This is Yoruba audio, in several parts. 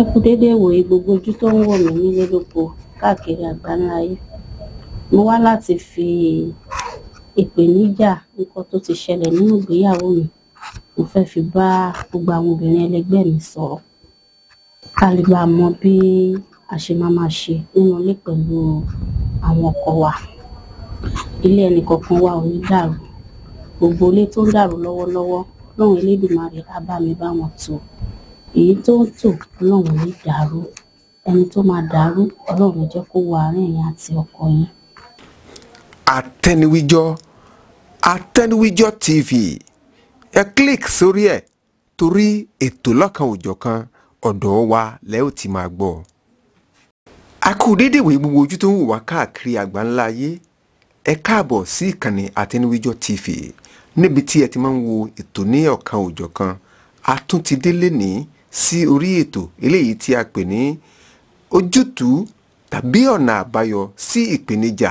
ẹ kú déédé ìwòye gbogbo ojú tó ń wò mí nílé lóko káàkiri àgbáńlá ayé mo wá láti fi ìpèníjà nǹkan tó ti ṣẹlẹ̀ nínú ìgbéyàwó mi mo fẹ́ fi bá gbogbo àwọn obìnrin ẹlẹgbẹ́ mi sọ̀rọ̀ ká lè bá a mọ bí a ṣe máa máa ṣe nínú ilé pẹ̀lú àwọn ọkọ wa ilé ẹnìkọ̀ọ̀kan wa ò ní dàrú gbogbo ilé tó ń dàrú lọ́wọ́lọ́wọ́ lọ́hùn Elédùmarè á mi bá wọn tò ó èyí tó ń tò ọlọ́run ní dàrú ẹni tó máa dàrú ọlọ́run jẹ́ kó wà àárín yín àti ọkọ yín. àtẹnuwíjọ àtẹnuwíjọ tv ẹ click sórí ẹ torí ètò lọ́kan òjọ̀kan ọ̀dọ̀ wa lẹ ó ti máa gbọ́. a kú dédé ìwé gbogbo ojú tó ń wò wá káàkiri àgbáńlá ayé ẹ káàbọ̀ sí ìkànnì àtẹnuwíjọ tv níbi tí ẹ ti máa ń wo ètò ní ọ̀kan òjọ̀kan a tún ti délé ní sí orí ètò eléyìí tí a pè ní ojútùú tàbí ọ̀nà àbáyọ sí ìpèníjà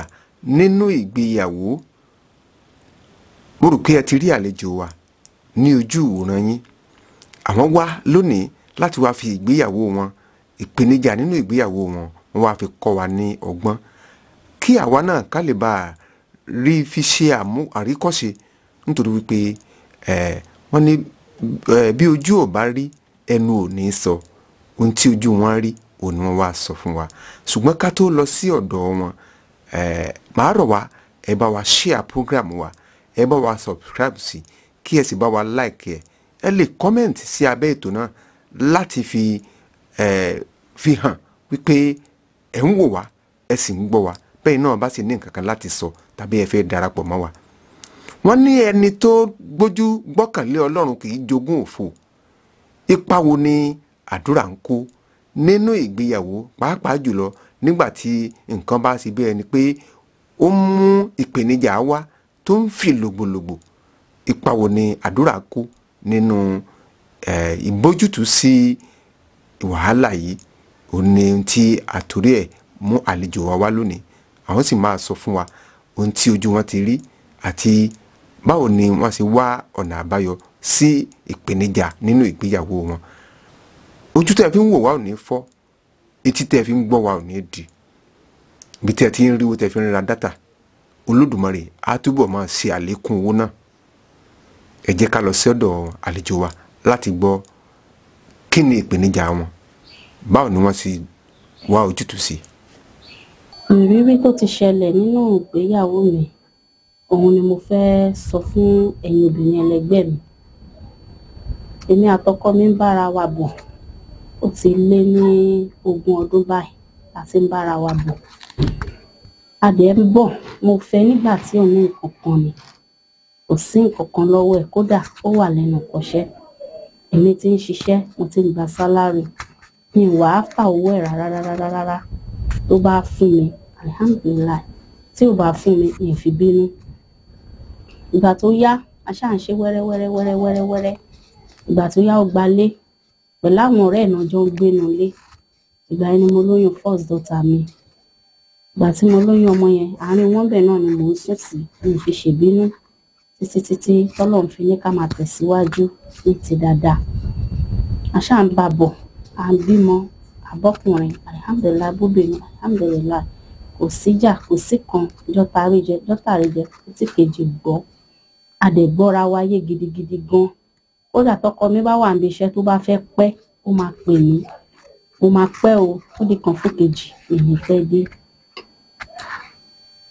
nínú ìgbéyàwó mo rò pé ẹ ti rí àlejò wa ní ojú ìwòran yín àwọn wá lónìí láti wá fi ìgbéyàwó wọn ìpèníjà nínú ìgbéyàwó wọn wọn wá fi kọ́ wa ní ọgbọ́n kí àwa náà ká lè bá a rí fi ṣe àríkọ́ṣe nítorí wípé wọ́n ní bí ojú ò bá rí ẹnu ò ní sọ ohun tí ojú wọn rí òun ni wọn wá sọ fún wa ṣùgbọ́n ká tó lọ sí ọ̀dọ̀ wọn màá rọ̀ wá ẹ bá wa share program wa ẹ bá wa subscribe sí kí ẹ sì bá wa like ẹ ẹ lè comment sí abẹ́ ètò náà láti fi fi hàn wípé ẹ ń wò wá ẹ sì ń gbọ́ wá bẹ́ẹ̀ náà bá sì ní nǹkan kan láti sọ tàbí ẹ fẹ́ darapọ̀ mọ́ wa. wọ́n ní ẹni tó gbójú gbọ́kànlé ọlọ́run kì í jogún òfò ipa wo ni àdúrà ń kó nínú ìgbéyàwó pàápàá jùlọ nígbà tí nǹkan bá ṣe bí ẹni pé ó mú ìpèníjà wá tó ń fi lògbòlògbò ipa wo ni àdúrà kó nínú ìbójútó sí wàhálà yìí òun ni tí àtòrí ẹ̀ mú àlejò wa wá lónìí àwọn sì máa sọ fún wa ohun tí ojú wọn ti rí àti báwo ni wọ́n ṣe wá ọ̀nà àbáyọ sí ìpèníjà nínú ìgbéyàwó wọn ojú tẹ́ fi ń wò wá ò ní fọ́ etí tẹ́ fi ń gbọ́ wá ò ní di ibi tẹ́ ti ń ríwó tẹ́ fi ń ra dátà olódùmarè á túbọ̀ máa ṣe àlékún owó náà ẹ jẹ́ ká lọ sọ́dọ̀ àlejò wa láti gbọ́ kí ni ìpèníjà wọn báwo ni wọ́n sì wá ojútùú sí. ìrírí tó ti ṣẹlẹ̀ nínú ìgbéyàwó mi òun ni mo fẹ́ sọ fún ẹ̀yin obìnrin ẹlẹgbẹ́ mi èmi àtọkọ mi ń bára wa bọ̀ ó ti lé ní ogún ọdún báyìí la ti ń bára wa bọ̀ a dẹ̀ ń bọ̀ mo fẹ́ nígbà tí òun ní nǹkan kan ni kò sí nǹkan kan lọ́wọ́ ẹ̀ kódà ó wà lẹ́nu kọ́ṣẹ́ èmi ti ń ṣiṣẹ́ mo ti ń gba sálárì mi wà á fà owó ẹ̀ rárá tó bá fún mi alihamudulilayi tí ò bá fún mi mi fi bínú ìgbà tó yá a ń ṣe wẹ́rẹ́ ìgbà tó yá ó gbalé pẹ̀lú àwọn ọ̀rẹ́ ẹ̀ náà jọ ń gbénu lé ìgbà yẹn ni mo lóyún first daughter mi ìgbà tí mo lóyún ọmọ yẹn àárín wọn bẹ̀ náà ni mò ń sùn sí mi fi ṣèbínú títí títí tọ́lọ́run fi ní ká máa tẹ̀síwájú ní ti dáadáa àṣà ń bà bọ̀ à ń bímọ àbọ́kùnrin alihamdulilayi bóbìnrin alihamdulilayi kò síjà kò sí kan jọ́tàrí jẹ jọ́tàrí jẹ títí kejì gbọ́ àdẹ̀gbọ́ra wáyé gidigidi gan-an kódà tọkọ mi bá wà níbi iṣẹ́ tó bá fẹ́ pẹ́ ó máa pè mí mo máa pẹ́ o ó di kan fún kejì èmi fẹ́ dé.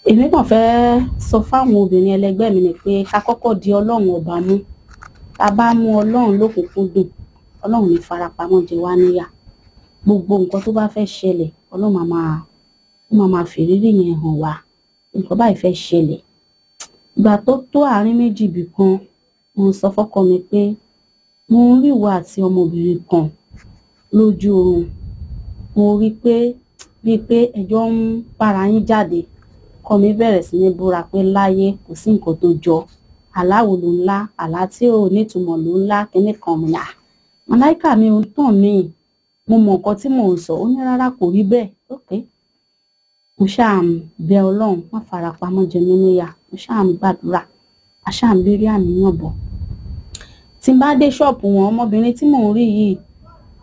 èmi kàn fẹ́ sọ fáwọn obìnrin ẹlẹgbẹ́ mi ni pé ká kọ́kọ́ di ọlọ́run ọba mú tá a bá mú ọlọ́run lókùnkúndùn ọlọ́run ní farapamọ́ jẹ wá níyà gbogbo nǹkan tó bá fẹ́ ṣẹlẹ̀ ọlọ́run máa máa ó máa máa fìrírí yẹn hàn wá nǹkan báyìí fẹ́ ṣẹlẹ̀ ìgbà tó tó àárín méjì bìkan mo sọ fọ́kọ mi pé mo rí ìwọ àti ọmọbìnrin kan lójú oorun mo rí i pé bíi pé ẹjọ́ ń bára yín jáde ọkọ mi bẹ̀rẹ̀ sí ní búra pé láyé kò sí nǹkan tó jọ aláwo ló ńlá àlá tí ò nítumọ̀ ló ńlá kinní kan mi à ah! màláìkà mi ò tàn mí mo mọ nǹkan tí mò ń sọ ó ní rárá kò rí bẹ́ẹ̀ okay mo ṣáà ń bẹ ọlọ́run má fara pamọ́ jẹ mí níyà mo ṣáà ń gbàdúrà a ṣáà ń lérí àníyàn bọ̀ tí n bá dé ṣọ́ọ̀bù wọn ọmọbìnrin tí mò ń rí yìí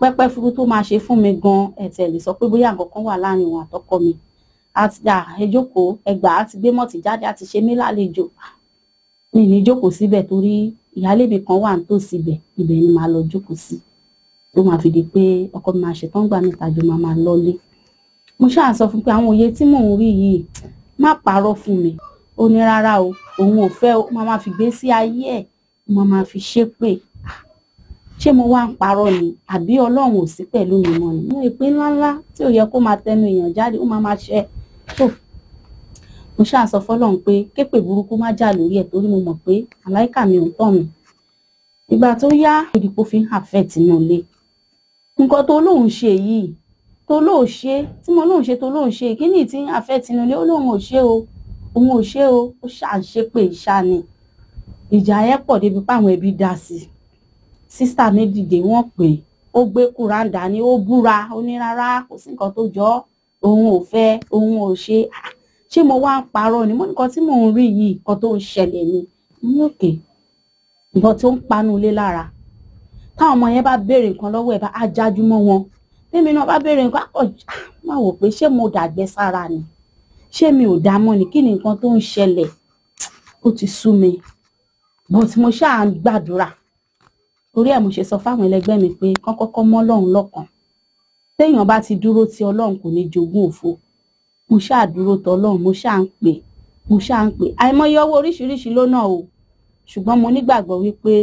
pẹ́pẹ́ furu tó máa ṣe fún mi gan ẹ̀tẹ̀ lè sọ pé bóyá nǹkan kan wà láàrin òun àtọkọ mi àti dà ẹ jókòó ẹgbàá àti gbé mọ̀tì jáde àti ṣe mí lálejò mi ní jókòó síbẹ̀ torí ìyáálé kan wà nítòsí ibẹ̀ ibẹ̀ ni màá lọ jókòó sí tó máa fi di pé ọkọ mi máa ṣetán gbà mí tàjọ máa máa lọlé mo ṣáà sọ fún pé àwọn òye tí mò ń rí yìí má parọ́ fún mi ó ní rárá o òun ò fẹ́ o máa máa fi gbé sí ayé ẹ̀ mo máa fi ṣépè ah, ṣé mo wá ń parọ́ ni àbí ọlọ́run ò sí pẹ̀lú mi mọ́ ni mo èpè ńláńlá tí ò yẹ kó máa tẹnu èèyàn jáde ó máa máa ṣe tó mo ṣáà sọ fọlọ́run pé képè burúkú má jà lórí ẹ̀ torí mo mọ̀ pé àláìkà mi ò ń tàn mí ìgbà tó yá òdìpó fi ń àfẹ́ẹ̀tì náà lé nǹkan tó lóun ṣe yìí tó lóun ṣe tí mo lóun ṣe tó lóun ṣe kí ni ìtí àfẹ́ẹ̀tì náà lé ó lóun ò ṣe o òun ò ṣe o ó ṣàǹṣepè ìṣá ni ìjà yẹn pọ̀ débi páwọn ẹbí dá sí i sísítà mi dìde wọ́n pè é ó gbé kúrán dání ó búra ó ní rárá kò sí nǹkan tó jọ òun ò fẹ́ òun ò ṣe ah, ṣé mo wá ń parọ́ ni mo nǹkan tí mò ń rí yìí nǹkan tó ń ṣẹlẹ̀ ni ní òkè nǹkan tó ń panu lé lára táwọn ọmọ yẹn bá béèrè nǹkan lọ́wọ́ ẹ̀ bá á jájú mọ́ wọn tèmi náà bá béèrè nǹkan àkọ́ ah, má wò pé ṣé mo dàgbẹ́ sára ni ṣé mi ò dá mọ́ ni kí ni nǹkan tó ń ṣẹlẹ̀ ó ti sú mi but mo ṣáà ń gbàdúrà torí ẹ̀ mo ṣe sọ fáwọn ẹlẹgbẹ́ mi pé kán kọ́kọ́ mọ́ Ọlọ́run lọ́kàn téèyàn bá ti dúró ti Ọlọ́run kò ní jogún òfo mo ṣáà dúró tọ Ọlọ́run mo ṣáà ń pè mo ṣáà ń pè àìmọye owó oríṣiríṣi ló o ṣùgbọ́n mo nígbàgbọ́ wípé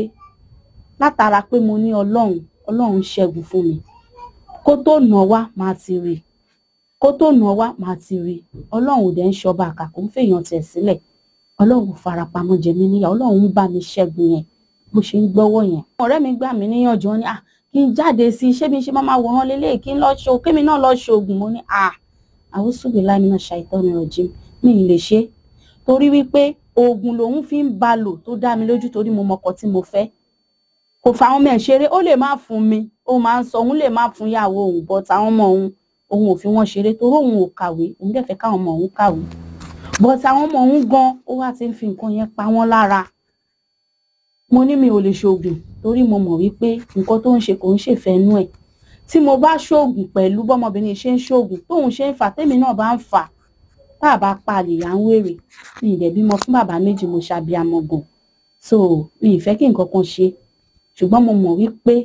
látara pé mo ní Ọlọ́run Ọlọ́run ṣẹ́gun fún mi kó tó nà wá máa ti rí kó tó nà wá máa ti rí Ọlọ́run ò dẹ̀ ń ṣọba àkàkọ́ fèèyàn tẹ̀ sílẹ̀ ọlọ́run farapamọ́ jẹ mí níyà ọlọ́run ń bá mi ṣẹ́gun yẹn bó ṣe ń gbọ́wọ́ yẹn. ọ̀rẹ́ mi gbà mí níyànjú wọn ni ah kí n jáde sí i ṣé mi ṣe máa máa wòran lélẹ̀ kí n lọ ṣo kémi náà lọ ṣoògùn mo ní ah àwòsùnbí láìmínà ṣàìtọ́ni ọ̀jì mi ì lè ṣe torí wípé oògùn lòun fi ń ba lò tó dá mi lójú torí mo mọkọ tí mo fẹ́ kò fáwọn ọmọ ẹ̀ ṣeré ó lè má fún mi ó máa ń sọ òun lè má fún ìyàwó òun bọ́ta ọmọ òun òun ò fi wọ́n ṣeré torí òun ò kàwé òun dẹ̀ fẹ́ káwọn ọmọ òun kàwé but àwọn ọmọ òun gan ó wá ti ń fi nǹkan yẹn pa wọ́n lára mo ní mi ò lè ṣoògùn torí mo mọ̀ wípé nǹkan tó ń ṣe kò ń ṣèfẹ́nú ẹ̀ tí mo bá ṣoògùn pẹ̀lú bọ́mọbìnrin ṣe ń ṣoògùn tóun ṣe ń fà tèmi náà bá ń fà tá a bá pa àlèyà ń wèrè mi ìdẹ̀ bímọ fún bàbá méjì mo ṣàbíamọ gan so mi ìfẹ́ kí nǹkan kan ṣe ṣùgbọ́n mo mọ̀ wípé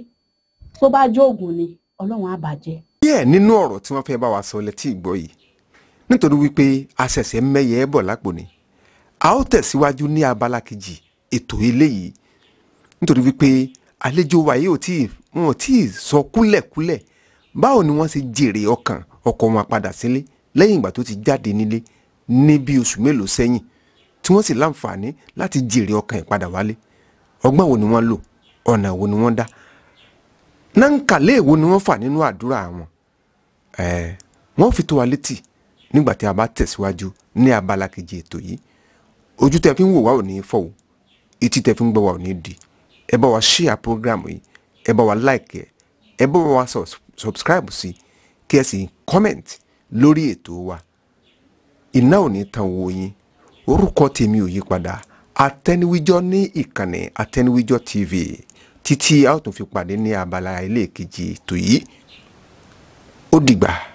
tó bá jóògùn ni ọlọ́run á bàjẹ́. díẹ̀ nínú ọ̀rọ̀ tí wọ́n fẹ́ bá wa sọ létí ìgbọ́ yìí nítorí wípé àṣẹ̀ṣẹ̀ mẹ́yẹ bọ̀ lápò ni a ó tẹ̀síwájú ní abala kejì ètò eléyìí nítorí wípé àlejò wa yìí ò tí wọn ò tí ì sọ kúlẹ̀kúlẹ̀ báwo ni wọ́n ṣe jèrè ọkàn ọkọ wọn padà sílé lẹ́yìn ìgbà tó ti jáde nílé ní bí oṣù mélòó sẹ́yìn tí wọ́n sì láǹfààní láti jèrè ọkàn ẹ̀ padà wálé ọgbọ́n wo ni wọ́n lò ọ̀nà wo ni wọ́n dá náǹkà léèwo ni wọ́n fà nínú àdúrà wọn wọ́n fi tó wa létí nígbà tí a bá tẹ̀síwájú ní abala kejì ètò yìí ojú tẹ fi ń wò wá ò ní fọ́ o etí tẹ fi ń gbọ́ wá ò ní di ẹ bá wa ṣíà program yìí ẹ bá wa like ẹ ẹ bá wa subscribe sí kí ẹ sì comment lórí ètò wa iná ò ní tan owó yín orúkọ tèmi ò yí padà àtẹniwíjọ ní ìkànnì àtẹniwíjọ tv títí a ó tún fi pàdé ní abala ilé kejì ètò yìí ó dìgbà.